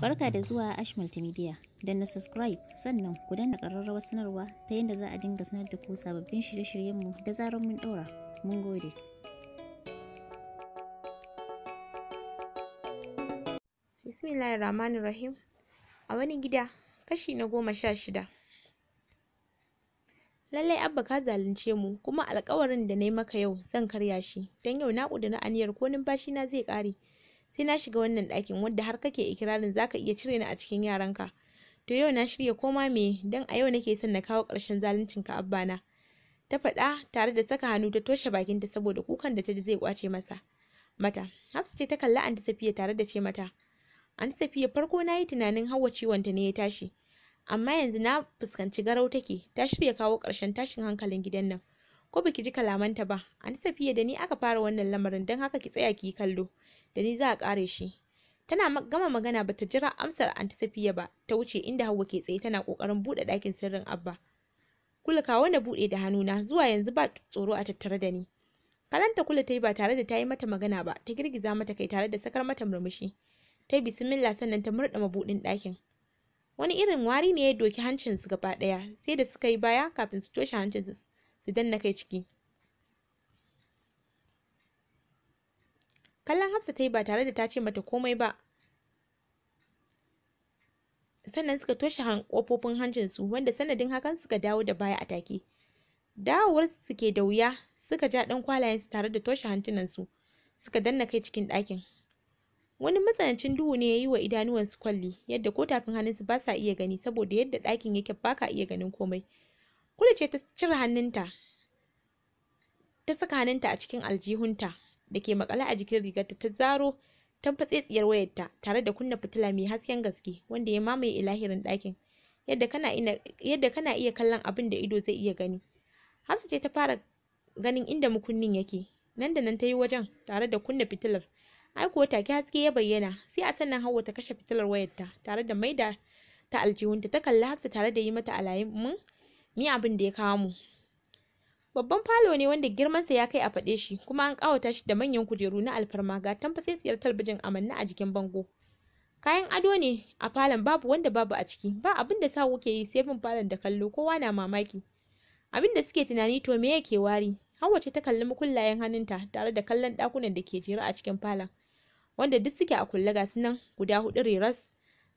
Barka da zuwa Ash Multimedia. Don na subscribe sannan ku danna ƙararrawar sanarwa ta yadda za a dinga sanar da ku sababbin shirye-shiryenmu da zarar mun ɗora. Mun gode. ramani Rahim. A wani gida kashi na goma sha shida. Lallai Abba ka zalunce mu kuma alƙawarin da na yi maka yau zan karya shi don yau na ƙudiri aniyar ko numfashi na zai ƙare. sai na shiga wannan ɗakin wadda har kake ikirarin zaka iya cire ni a cikin yaranka to yau na shirya koma me dan a yau nake son na kawo ƙarshen zaluncin ka abba ta faɗa tare da saka hannu ta toshe bakinta saboda kukan da ta ji zai kwace masa mata Hafsa ce ta kalli Anti Safiya tare da ce mata Anti Safiya farko na yi tunanin Hauwa ciwon ta ne ya tashi amma yanzu na fuskanci garau take ta shirya kawo ƙarshen tashin hankalin gidan nan ko baki ji kalaman ta ba Anti Safiya da ni aka fara wannan lamarin don haka ki tsaya ki yi kallo da ni za a ƙare shi tana gama magana bata jira amsar anti safiya ba ta wuce inda Hauwa ke tsaye tana kokarin buɗe ɗakin sirrin abba kula kawo na buɗe da hannuna zuwa yanzu ba tsoro a tattare da ni kalanta kula ta yi ba tare da ta yi mata magana ba ta girgiza mata kai tare da sakar mata murmushi ta yi bismillah sannan ta murɗa mabuɗin ɗakin wani irin wari ne ya doki hancinsu gaba ɗaya sai da suka yi baya kafin su toshe hancinsu su danna kai ciki kallon hafsa ta yi ba tare da ta ce mata komai ba sannan suka toshe kofofin hancinsu wanda sanadin hakan suka dawo da baya a take dawowar su ke da wuya suka ja dan kwalayensu tare da toshe hantunansu suka danna kai cikin ɗakin wani matsanancin duhu ne ya yi wa idanuwansu kwalli yadda ko tafin hannunsu ba sa iya gani saboda yadda ɗakin yake ba ka iya ganin komai kula ce ta cire hannunta ta saka hannunta a cikin aljihunta da ke makale a jikin rigarta ta zaro ta tamfatsetsiyar wayarta tare da kunna fitila mai hasken gaske wanda ya mamaye ilahirin ɗakin yadda kana ina yadda kana iya kallon abin da ido zai iya gani Hafsa ce ta fara ganin inda mukunnin yake nan da nan ta yi wajen tare da kunna fitilar ai kuwa take haske ya bayyana sai a sannan Hauwa ta kashe fitilar wayarta tare da maida ta aljihunta ta kalli Hafsa tare da yi mata mun mi abin da ya kawo mu Babban falo ne wanda girmansa ya kai a faɗe shi kuma an ƙawata shi da manyan kujeru na alfarma ga tamfatsetsiyar talbijin a manne a jikin bango. Kayan ado ne a falon babu wanda babu a ciki ba abin da sawu ke yi sai bin falon da kallo kowa na mamaki. Abin da suke tunani to me yake wari? Hauwa ce ta kalli mukullayen hannunta tare da kallon ɗakunan da ke jere a cikin falon wanda duk suke a kulle ga nan guda huɗu reras.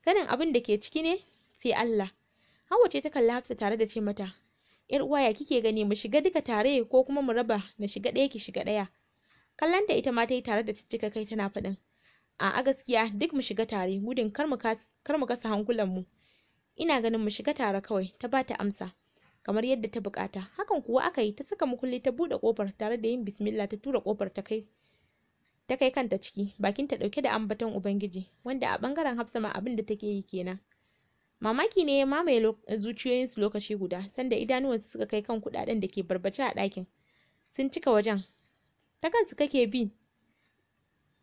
Sanin abin da ke ciki ne sai Allah. Hauwa ce ta kalli Hafsa tare da ce mata yar uwa ya kike gani mu shiga duka tare ko kuma mu raba na shiga ɗaya ki shiga ɗaya kallon ita ma ta yi tare da ciccika kai tana faɗin a'a gaskiya duk mu shiga tare gudun kar mu kasa hankulan mu ina ganin mu shiga tare kawai ta ba ta amsa kamar yadda ta bukata hakan kuwa aka yi ta saka mukulli ta buɗe kofar tare da yin bismillah ta tura kofar ta kai ta kai kanta ciki bakin ta ɗauke da ambaton ubangiji wanda a ɓangaren hafsa ma abin da take yi kenan Mamaki ne ya mamaye zuciyoyinsu lokaci guda, sanda idanuwansu suka kai kan kuɗaɗen da ke barbace a ɗakin. Sun cika wajen. Ta kansu kake bi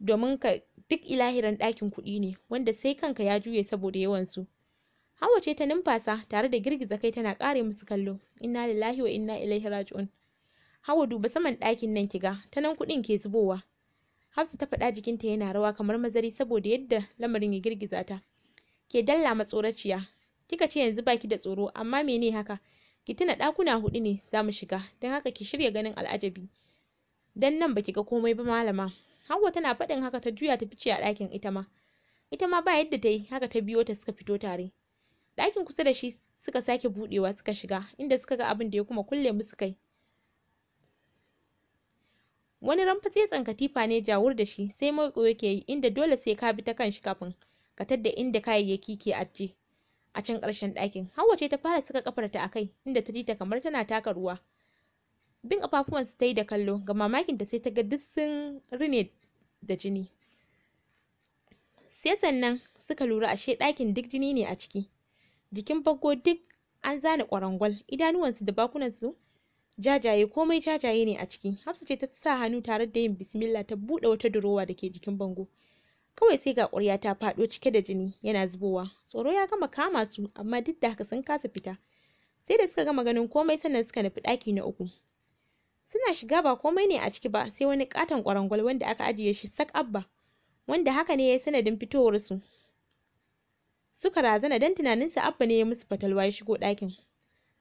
domin ka duk ilahirin ɗakin kuɗi ne, wanda sai kanka ya juye saboda yawansu. Hawa ce ta numfasa tare da girgiza kai tana ƙare musu kallo. Inna lillahi wa inna ilaihi raji'un. Hawa duba saman ɗakin nan kiga, ta nan kuɗin ke zubowa. Hafsa ta faɗa jikinta yana rawa kamar mazari saboda yadda lamarin ya girgiza ta. ke dalla matsoraciya kika ce yanzu baki da tsoro amma mene haka ki tuna ɗakuna hudu ne za mu shiga don haka ki shirya ganin al'ajabi don nan baki ga komai ba malama Hauwa tana faɗin haka ta juya ta fice a ɗakin ita ma ita ma ba yadda ta yi haka ta biyo ta suka fito tare ɗakin kusa da shi suka sake buɗewa suka shiga inda suka ga abin da ya kuma kulle musu kai wani ramfatsetsen katifa ne jawur da shi sai maiƙo yake yi inda dole sai ka bi ta kan shi kafin ka tadda inda kayayyaki ke ajiye a can ƙarshen ɗakin Hauwa ce ta fara saka ta a kai inda ta ji ta kamar tana taka ruwa bin su ta yi da kallo ga mamakin ta sai ta ga duk sun rine da jini sai sannan suka lura ashe ɗakin duk jini ne a ciki jikin bango duk an zana ƙwarangwal idanuwansu da bakunansu jajaye komai jajaye ne a ciki hafsa ce ta sa hannu tare da yin bismillah ta buɗe wata durowa da ke jikin bango kawai sai ga ƙwarya ta faɗo cike da jini yana zubowa tsoro ya gama kama su amma duk da haka sun kasa fita sai da suka gama ganin komai sannan suka nufi ɗaki na uku suna shiga ba komai ne a ciki ba sai wani ƙaton ƙwarangwal wanda aka ajiye shi sak abba wanda haka ne ya yi sanadin fitowar su suka razana don tunanin su abba ne ya musu fatalwa ya shigo ɗakin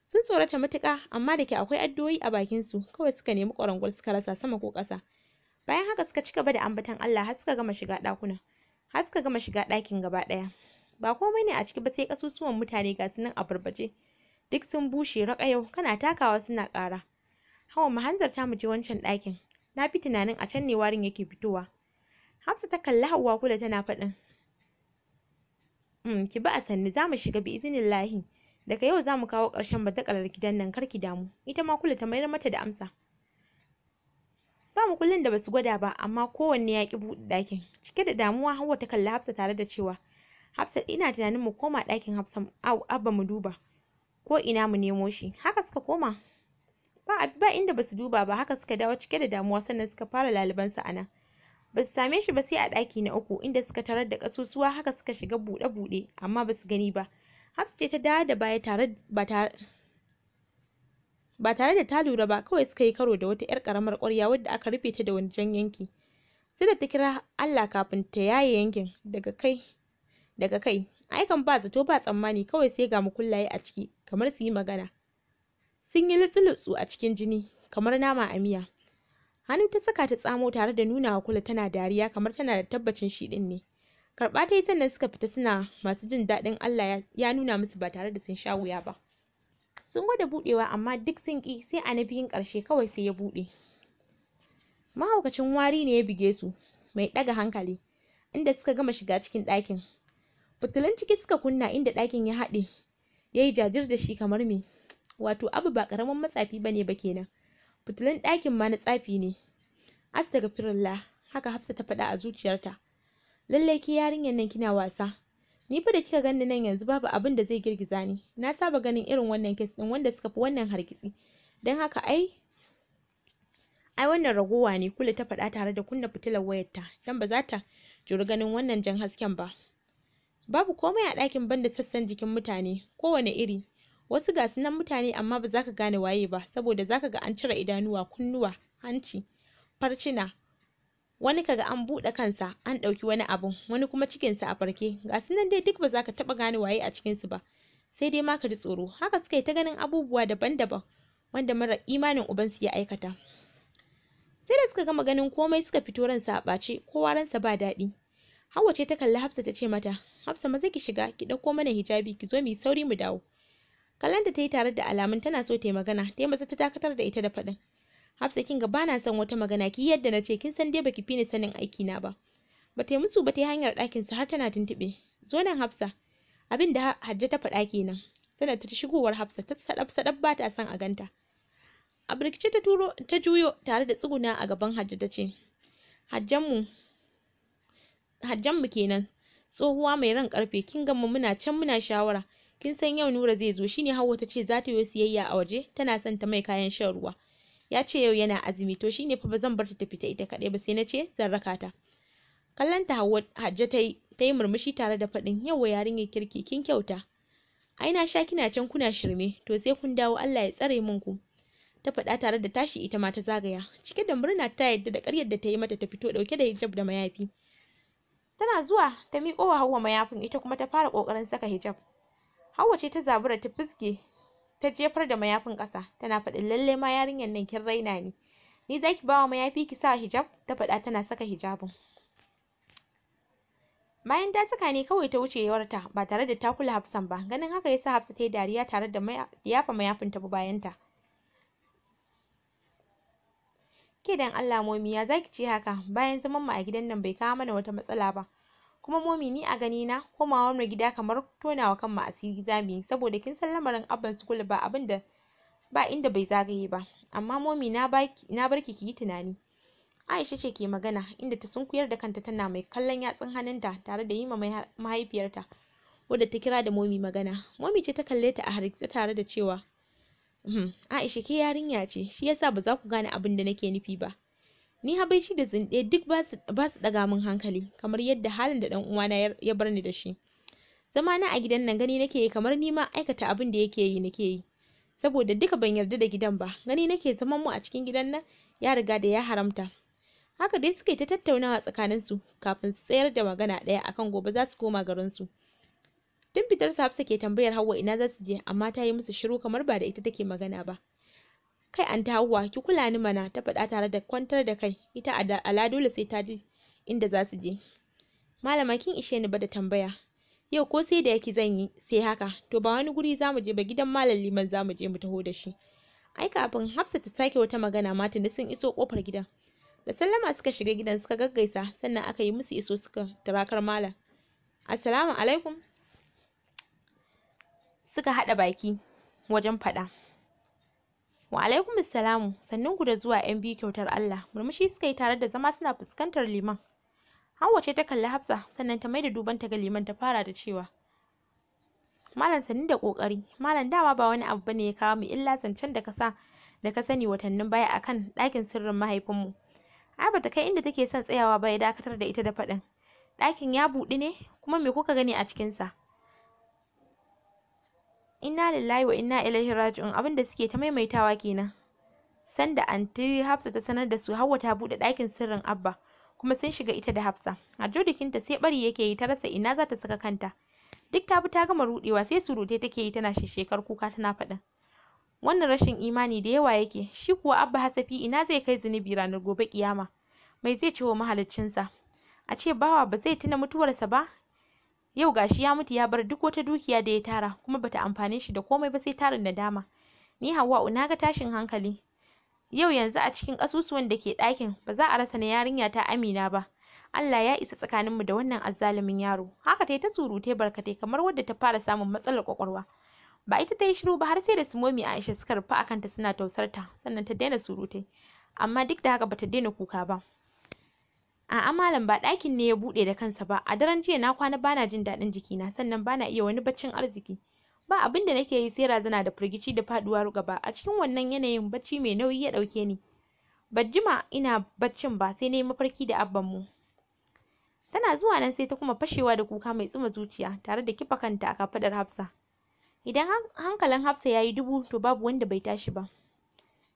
sun tsorata matuƙa amma da ke akwai addu'o'i a bakin su kawai suka nemi ƙwarangwal suka rasa sama ko ƙasa bayan haka suka ci gaba da ambatan Allah har suka gama shiga ɗakuna har suka gama shiga ɗakin gaba ɗaya ba komai ne a ciki ba sai kasusuwan mutane ga su nan a barbaje duk sun bushe raƙayau kana takawa suna ƙara hawa mu ta mu je wancan ɗakin na fi tunanin a can ne warin yake fitowa Hafsa ta kalli Hauwa kula tana faɗin mm, ki bi a sanni za mu shiga bi izinin lahi. Daga yau za mu kawo ƙarshen batakalar gidan nan kar ki damu. Ita ma kula ta mayar mata da amsa. ba mu kullun da basu gwada ba amma kowanne ya ki buɗe ɗakin cike da damuwa Hauwa ta kalli Hafsa tare da cewa Hafsat ina tunanin mu koma ɗakin Hafsa au abba mu duba ko ina mu nemo shi haka suka koma ba ba inda basu duba ba haka suka dawo cike da damuwa sannan suka fara laliban sa anan ba su same shi ba sai a ɗaki na uku inda suka tarar da ƙasusuwa, haka suka shiga buɗe-buɗe amma basu gani ba Hafsa ce ta dawo da baya tare ba tare ba tare da ta lura ba kawai suka yi karo da wata 'yar karamar ƙwarya wadda aka rufe ta da wani jan yanki sai da ta kira Allah kafin ta yaye yankin daga kai daga kai aikan ba zato ba tsammani kawai sai ga mukullaye a ciki kamar su yi magana sun yi lutsu a cikin jini kamar nama a miya hannu ta saka ta tsamo tare da nuna wa kula tana dariya kamar tana da tabbacin shi din ne karɓa ta yi sannan suka fita suna masu jin daɗin Allah ya nuna musu ba tare da sun sha wuya ba sun gwada budewa amma duk sun ƙi sai a na biyun ƙarshe kawai sai ya buɗe. mahaukacin wari ne ya buge su mai ɗaga hankali inda suka gama shiga cikin ɗakin fitilun ciki suka kunna inda ɗakin ya haɗe ya yi jajir da shi kamar me wato abu ba ƙaramin matsafi ba ne ba kenan fitilun ɗakin ma na tsafi ne astagfirullah haka hafsa ta faɗa a zuciyarta lallai ke yarinyar nan kina wasa Ni fa da kika ganni nan yanzu babu abin da zai girgiza ni. Na saba ganin irin wannan kes ɗin wanda suka fi wannan hargitsi. Don haka ai ai wannan ragowa ne kula ta faɗa tare da kunna fitilar wayarta dan ba za ta juri ganin wannan jan hasken ba. Babu komai a ɗakin banda sassan jikin mutane kowane iri. Wasu ga sunan mutane amma ba za ka gane waye ba saboda za ka ga an cire idanuwa, kunnuwa, hanci, farcina, wani kaga an buɗe kansa an ɗauki wani abun wani kuma cikinsa a farke ga su nan dai duk ba za ka taɓa gane waye a cikinsu ba sai dai ma ka ji tsoro haka suka yi ta ganin abubuwa daban-daban wanda mara imanin ubansu ya aikata sai da suka gama ganin komai suka fito ransa a ɓace kowa ransa ba daɗi Hauwa ce ta kalli Hafsa ta ce mata, Hafsa maza ki shiga ki ɗauko mana hijabi ki zo mu sauri mu dawo. Kallanta ta yi tare da alamun tana so ta yi magana, ta maza ta dakatar da ita da faɗin. Hafsa kinga bana son wata magana ki yadda na ce kin san dai baki fi ni sanin aiki na ba. Ba ta yi musu ba ta yi hanyar ɗakin su har tana tuntuɓe. Zo nan Hafsa. Abin da Hajja ta faɗa kenan. Tana ta shigowar Hafsa ta sadab sadab ba ta son a ganta. A birkice ta turo ta juyo tare da tsuguna a gaban Hajja ta ce. Hajjanmu Hajjanmu kenan tsohuwa mai ran karfe kin ga muna can muna shawara kin san yau Nura zai zo shine Hauwa ta ce za ta siyayya a waje tana son ta mai kayan shan ruwa. ya ce yau yana azumi to shine fa ba zan bar ta ta fita ita kaɗai ba sai na ce zan raka ta kallon ta Hauwa Hajja ta yi ta yi murmushi tare da faɗin yawa yarinyar kirki kin kyauta ai na sha kina can kuna shirme to sai kun dawo Allah ya tsare min ku ta faɗa tare da tashi ita ma ta zagaya cike da murna ta yadda da ƙaryar da ta yi mata ta fito ɗauke da hijab da mayafi tana zuwa ta miƙowa wa Hauwa mayafin ita kuma ta fara ƙoƙarin saka hijab Hauwa ce ta zabura ta fizge ta jefar da mayafin ƙasa tana faɗin lalle ma yarinyar nan kin raina ni ni zaki bawa mayafi ki sa hijab ta faɗa tana saka hijabin bayan ta saka ne kawai ta wuce yawarta ba tare da ta kula hafsan ba ganin haka yasa hafsa ta yi dariya tare da yafa mayafin ta bayanta ke dan Allah momiya zaki ce haka bayan zaman mu a gidan nan bai kawo mana wata matsala ba kuma momi ni a gani na komawa mu gida kamar tonawa kan mu asiri zamu yi saboda kin san lamarin abban school ba abin da ba inda bai zagaye ba amma momi na baki na barki ki yi tunani Aisha ce ke magana inda ta sunkuyar da kanta tana mai kallon yatsun hannunta tare da yi ma mahaifiyarta wadda ta kira da momi magana momi ce ta kalle ta a hargitse tare da cewa uhm, Aisha ke yarinya ce shi yasa ba za ku gane abin da nake nufi ba ni habaici da tsinde duk ba su ɗaga min hankali kamar yadda halin da uwa uwana ya bar ni da shi zama na a gidan nan gani nake kamar ni ma aikata abin da yake yi nake yi saboda duka ban yarda da gidan ba gani nake zaman mu a cikin gidan nan ya riga da ya haramta haka dai suka yi ta tattaunawa tsakanin su kafin su tsayar da magana ɗaya akan gobe za su koma garin su tun fitar su hafsa ke tambayar Hauwa ina za su je amma ta yi musu shiru kamar ba da ita take magana ba kai an anti hauwa ki kula ni mana ta faɗa tare da kwantar da kai ita a ala dole sai ta ji inda za su je malama kin ishe ni ba da tambaya yau ko sai da yake zan yi sai haka to ba wani guri za mu je ba gidan malam liman za mu je mu taho da shi ai kafin hafsa ta sake wata magana ma tuni sun iso kofar gidan da sallama suka shiga gidan suka gaggaisa sannan aka yi musu iso suka tarakar malam assalamu alaikum suka haɗa baki wajen faɗa Wa alaikum salamu sannun ku da zuwa yan biyu kyautar Allah murmushi suka yi tare da zama suna fuskantar liman. Hauwa ce ta kalli Hafsa sannan ta maida duban ta ga liman ta fara da cewa Malam sannu da kokari malam dama ba wani abu bane ya kawo mu illa zancen da ka sa da ka sani watannin baya akan ɗakin sirrin mahaifinmu. Ai bata kai inda take son tsayawa ba ya dakatar da ita da faɗin. ɗakin ya buɗu ne kuma me kuka gani a cikin sa inna lillahi wa inna ilaihi raji'un abinda suke ta maimaitawa kenan sanda anti Hafsa ta sanar da su Hauwa ta bude ɗakin sirrin Abba kuma sun shiga ita da Hafsa a jodikinta sai bari yake yi ta rasa ina za ta saka kanta duk ta bi ta gama rudewa sai surute take yi tana shekar kuka tana faɗin wannan rashin imani da yawa yake shi kuwa Abba Hasafi ina zai kai zunubi ranar gobe kiyama mai zai ce wa mahaliccinsa a ce bawa ba zai tuna mutuwarsa ba yau gashi ya mutu ya bar duk wata dukiya da ya tara kuma bata amfane shi da komai ba sai tarin nadama ni Hawwa'u naga tashin hankali yau yanzu a cikin ƙasusuwan da ke ɗakin ba za a rasa na yarinya ta Amina ba Allah ya isa tsakaninmu da wannan azzalumin yaro haka tai ta surutai barkatai kamar wadda ta fara samun matsalar kwakwalwa ba ita ta yi shiru ba har sai da Sumomi Aisha suka a kanta suna tausarta sannan ta daina surutai amma duk da haka bata daina kuka ba A'a malam ba ɗakin ne ya buɗe da kansa ba. A daren jiya na kwana bana jin daɗin jikina sannan bana iya wani baccin arziki. Ba abin da nake yi sai razana da firgici da faɗuwa gaba. A cikin wannan yanayin bacci mai nauyi ya ɗauke ni. Ban jima ina baccin ba sai na yi mafarki da abban mu. Tana zuwa nan sai ta kuma fashewa da kuka mai tsuma zuciya tare da kifa kanta a kafaɗar Hafsa. Idan hankalin Hafsa ya yi dubu to babu wanda bai tashi ba.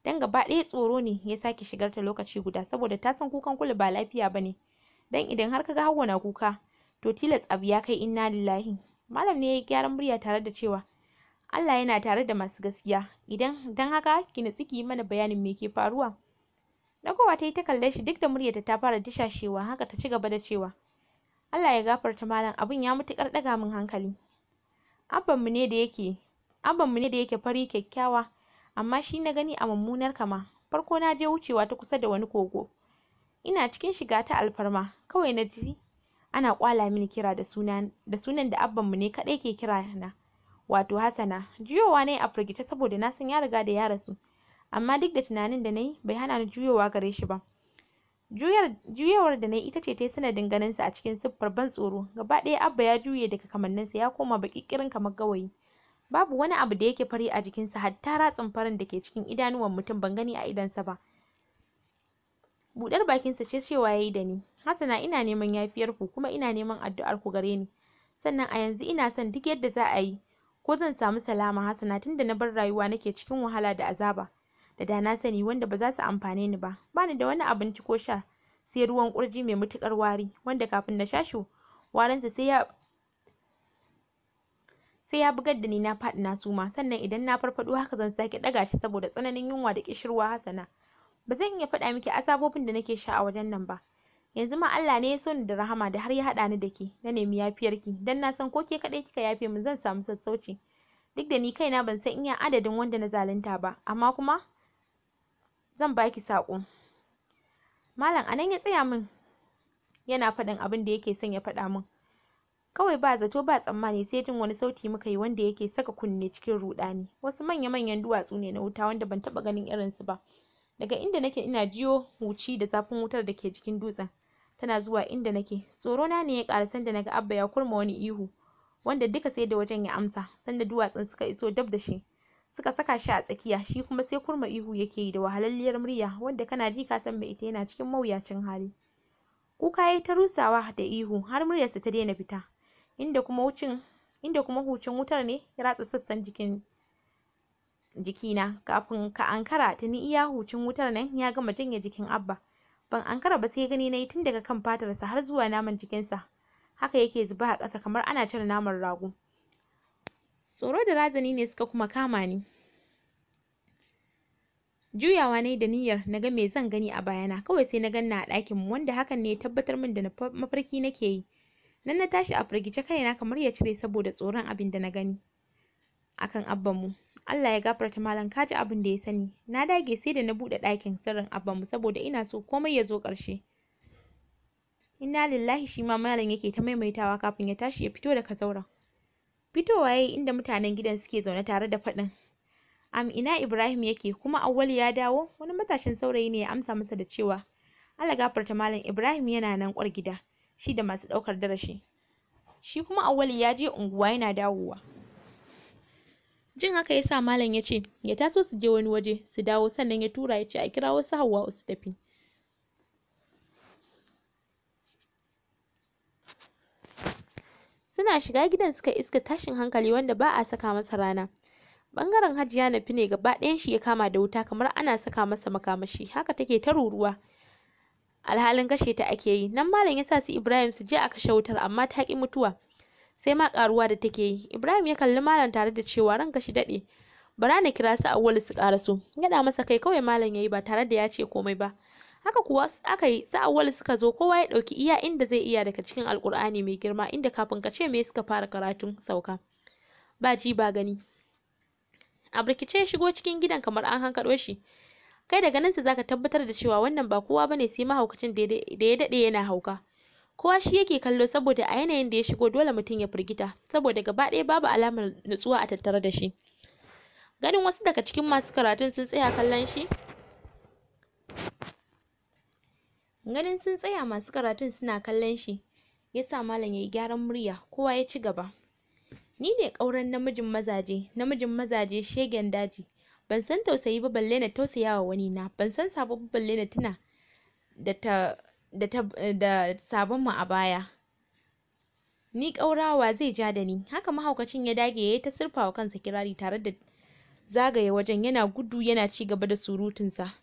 dan gaba ɗaya tsoro ne ya sake shigar ta lokaci guda saboda ta san kukan kulu ba lafiya bane dan idan har kaga Hauwa na kuka to tilas abu ya kai inna lillahi malam ne ya yi gyaran murya tare da cewa Allah yana tare da masu gaskiya idan dan haka ki nutsi ki mana bayanin me ke faruwa kowa ta yi ta kalle shi duk da muryarta ta fara dishashewa haka ta ci gaba da cewa Allah ya gafarta malam abin ya mutukar daga min hankali abban mu ne da yake abban mu ne da yake fari kyakkyawa amma shi na gani a mummunar kama farko na je wucewa ta kusa da wani kogo ina cikin shiga ta alfarma kawai na ji ana kwala mini kira da sunan da sunan da abban mu ne kadai ke kira na wato hasana juyowa ne a firgice saboda na san ya riga da ya rasu amma duk da tunanin da nayi bai hana ni juyowa gare shi ba juyar juyawar da nayi ita ce ta yi sanadin ganin sa a cikin siffar ban tsoro gaba ɗaya abba ya juye daga kamanninsa ya koma baƙi kirin kamar gawayi babu wani abu da yake fari a jikinsa hatta ratsin farin da ke cikin idanuwan mutum ban gani a idonsa ba buɗar bakinsa ce cewa yayi da ni hasana ina neman yafiyarku kuma ina neman addu'ar ku gare ni sannan a yanzu ina son duk yadda za a yi ko zan samu salama hasana tunda na bar rayuwa nake cikin wahala da azaba da da na sani wanda ba za su amfane ni ba bani da wani abinci ko sha sai ruwan kurji mai matukar wari wanda kafin na sha shi warinsa sai ya sai ya bugar da ni na faɗi na suma sannan idan na farfaɗo haka zan sake ɗaga shi saboda tsananin yunwa da ƙishirwa hasana ba zan iya faɗa miki asabobin da nake sha a wajen nan ba yanzu ma Allah ne ya so ni da rahama da har ya haɗa ni da ke na nemi yafiyarki dan na san ko ke kaɗai kika yafe min zan samu sassauci duk da ni kaina ban san iya adadin wanda na zalunta ba amma kuma zan baki saƙo malam anan ya tsaya min yana faɗin abin da yake son ya faɗa min Kawai ba zato ba tsammani sai jin wani sauti muka yi wanda yake saka kunne cikin rudani. Wasu manya-manyan duwatsu ne na wuta wanda ban taba ganin irin su ba. Daga inda nake ina jiyo huci da zafin wutar da ke jikin dutsen. Tana zuwa inda nake. tsoro na ne ya ƙara sanda naga Abba ya kurma wani ihu wanda duka sai da wajen ya amsa sanda duwatsun suka iso dab da shi. Suka saka shi a tsakiya shi kuma sai kurma ihu yake yi da wahalalliyar murya wanda kana ji ka san mai ita yana cikin mawuyacin hali. Kuka yayi yi ta rusawa da ihu har muryarsa ta daina fita. inda kuma wucin inda kuma hucin wutar ne ya ratsa sassan jikin jikina kafin ka ankara tuni iya hucin wutar nan ya gama janye jikin abba ban ankara ba sai gani nayi tun daga kan fatarsa har zuwa naman jikinsa haka yake zuba a ƙasa kamar ana cire naman rago tsoro da razani ne suka kuma kama ni juyawa nayi da niyyar na ga me zan gani a bayana kawai sai na ganna a ɗakin mu wanda hakan ne ya tabbatar min da mafarki nake yi nan na tashi a firgice kaina kamar ya cire saboda tsoron abin da na gani akan mu, Allah ya gafarta malam kaji abin da ya sani na dage sai da na buɗe ɗakin sirrin mu saboda ina so komai ya zo ƙarshe inna lillahi shi malam yake ta maimaitawa kafin ya tashi ya fito daga zauren fitowa yayi inda mutanen gidan suke zaune tare da faɗin am ina Ibrahim yake kuma Auwalu ya dawo wani matashin saurayi ne ya amsa masa da cewa Allah gafarta malam Ibrahim yana nan gida shi da masu ɗaukar darasi shi kuma Auwalu ya je unguwa yana dawowa jin haka yasa malam ya ce ya taso su je wani waje su dawo sannan ya tura ya ce a kira wasu Hauwa su tafi suna shiga gidan suka iska tashin hankali wanda ba a saka masa rana bangaren hajiya nafi ne gaba ɗayan shi ya kama da wuta kamar ana saka masa makamashi haka take ta ruruwa alhalin kashe ta ake yi nan malam ya sa su ibrahim su je a kashe wutar amma ta ƙi mutuwa sai ma ƙaruwa da take yi ibrahim ya kalli malam tare da cewa ranka shi daɗe bara na kira su awwal su so yaɗa masa kai kawai malam yayi ba tare da ya ce komai ba haka kuwa aka yi su awwal suka zo kowa ya ɗauki iya inda zai iya daga cikin Alƙur'ani mai girma inda kafin ka ce me suka fara karatun sauka ba ji ba gani a birkice ya shigo cikin gidan kamar an hankaɗo shi kai daga nan sai zaka tabbatar da cewa wannan ba kowa bane sai mahaukacin da ya dade yana hauka kowa shi yake kallo saboda a yanayin da ya shigo dole mutum ya firgita saboda gaba ɗaya babu alamar nutsuwa a tattare da shi ganin wasu daga cikin masu karatun sun tsaya kallon shi ganin sun tsaya masu karatun suna kallon shi yasa malam ya yi gyaran murya kowa ya ci gaba ni ne ƙauren namijin mazaje namijin mazaje shegen daji ban san tausayi ba balle na tausaya wa wani na ban san sabo ba balle na tuna da ta da ta da sabon mu a baya ni ƙaurawa zai ja da ni haka mahaukacin ya dage yayi ta surfawa kansa kirari tare da zagaye wajen yana gudu yana ci gaba da surutunsa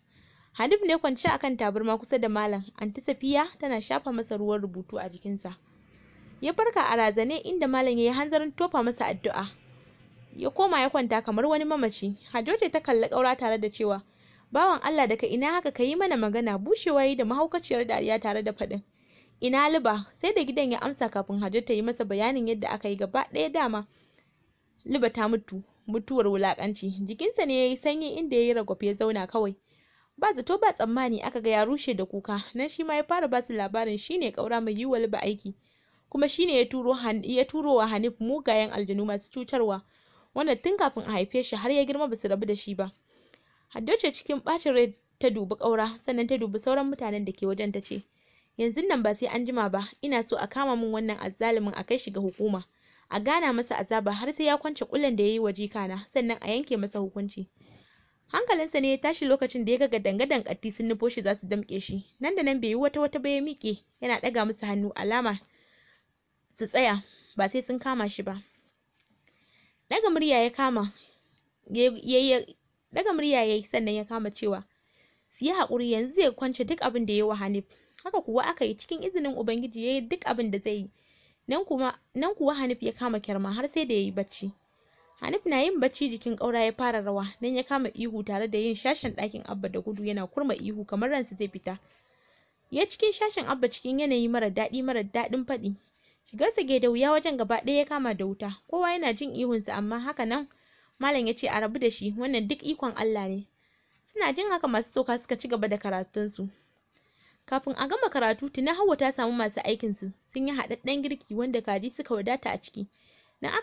Hanif ne kwance akan tabarma kusa da malam anti Safiya tana shafa masa ruwan rubutu a jikinsa ya farka a razane inda malam ya yi hanzarin tofa masa addu'a ya koma ya kwanta kamar wani mamaci Hajoja ta kalli ƙaura tare da cewa bawan Allah daga ina haka ka yi mana magana bushewa yi da mahaukaciyar dariya tare da faɗin ina liba sai da gidan ya amsa kafin Hajo ta yi masa bayanin yadda aka yi gaba ɗaya dama liba ta mutu mutuwar wulakanci jikinsa ne ya yi sanyi inda ya yi ragwafe ya zauna kawai ba zato ba tsammani aka ga ya rushe da kuka nan shi ma ya fara ba su labarin shine ƙaura mai yiwa liba aiki kuma shine ya turo wa Hanif mugayen aljanu masu cutarwa wanda tun kafin a haife shi har ya girma basu rabu da shi ba Haddoce cikin bacin rai ta dubi ƙaura sannan ta dubi sauran mutanen da ke wajen ta ce yanzun nan ba sai an jima ba ina so a kama min wannan azzalumin a kai shi ga hukuma a gana masa azaba har sai ya kwance kullen da ya yi wa jikana sannan a yanke masa hukunci hankalinsa ne ya tashi lokacin da ya ga dangadan katti sun nufo shi za su damƙe shi nan da nan bai yi wata wata ba ya miƙe yana ɗaga musu hannu alama su tsaya ba sai sun kama shi ba Daga murya ya kama yayi sannan ya kama cewa su yi haƙuri yanzu zai kwance duk abin da ya wa Hanif haka kuwa aka yi cikin izinin ubangiji ya yi duk abin da zai yi nan kuwa Hanif ya kama kyarma har sai da ya yi bacci Hanif na yin bacci jikin ƙaura ya fara rawa nan ya kama ihu tare da yin shashin ɗakin Abba da gudu yana kurma ihu kamar ransa zai fita ya cikin shashin Abba cikin yanayi mara daɗi mara daɗin faɗi shigarsa ke da wuya wajen gaba ɗaya ya kama da wuta kowa yana jin ihunsa amma haka nan malam ya ce a rabu da shi wannan duk ikon Allah ne suna jin haka masu sauka suka ci gaba da karatunsu kafin a gama karatu tuna hawa ta samu masu aikinsu sun yi haɗaɗɗen girki wanda kaji suka wadata a ciki nan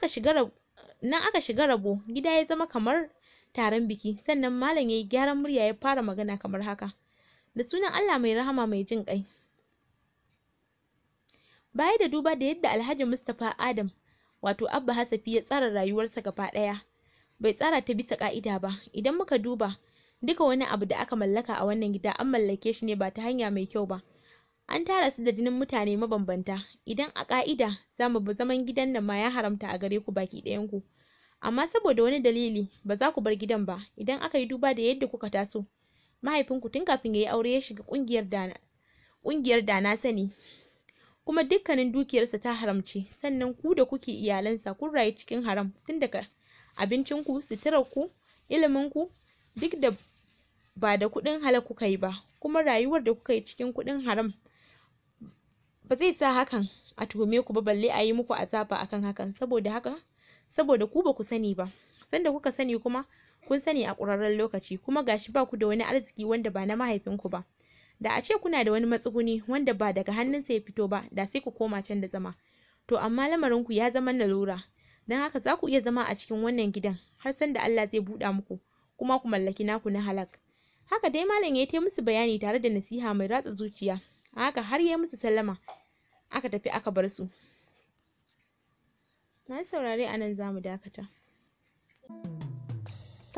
aka shiga rabo gida ya zama kamar taron biki sannan malam ya yi gyaran murya ya fara magana kamar haka da sunan Allah mai rahama mai jin ƙai baya da duba da yadda alhaji mustapha adam wato abba hasafi ya tsara rayuwarsa gaba ɗaya bai tsara ta bisa ƙa'ida ba idan muka duba duka wani abu da aka mallaka a wannan gida an mallake shi ne ba ta hanya mai kyau ba an tara su da jinin mutane mabambanta idan a ka'ida za mu bi zaman gidan nan ma ya haramta a gare ku baki ɗayan ku amma saboda wani dalili ba za ku bar gidan ba idan aka yi duba da yadda kuka taso mahaifinku tun kafin ya yi aure ya shiga ƙungiyar da na sani kuma dukkanin dukiyarsa ta haramce sannan ku da kuke iyalansa kun rayu cikin haram tun daga abincinku suturarku iliminku duk da ba da kuɗin halal kuka yi ba kuma rayuwar da kuka yi cikin kuɗin haram ba zai sa hakan a tuhume ku ba balle a yi muku azaba akan hakan saboda haka saboda ku ba ku sani ba sanda kuka sani kuma kun sani a ƙurarren lokaci kuma gashi ba ku da wani arziki wanda ba na mahaifinku ba da a ce kuna da wani matsuguni wanda ba daga hannunsa ya fito ba da sai ku koma can da zama to amma lamarinku ya zama lalura don haka za ku iya zama a cikin wannan gidan har san da Allah zai buɗa muku kuma ku mallaki naku na halak haka dai malam ya yi musu bayani tare da nasiha mai ratsa zuciya haka har ya musu sallama aka tafi aka bar su masu saurare anan nan za mu dakata.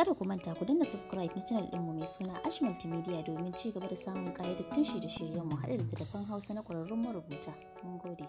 Kada ku manta ku danna subscribe na channel ɗinmu mai suna Ash Multimedia domin ci gaba da samun ƙayyadattun shirye-shiryenmu haɗe da tattafan Hausa na ƙwararrun marubuta. Mun gode.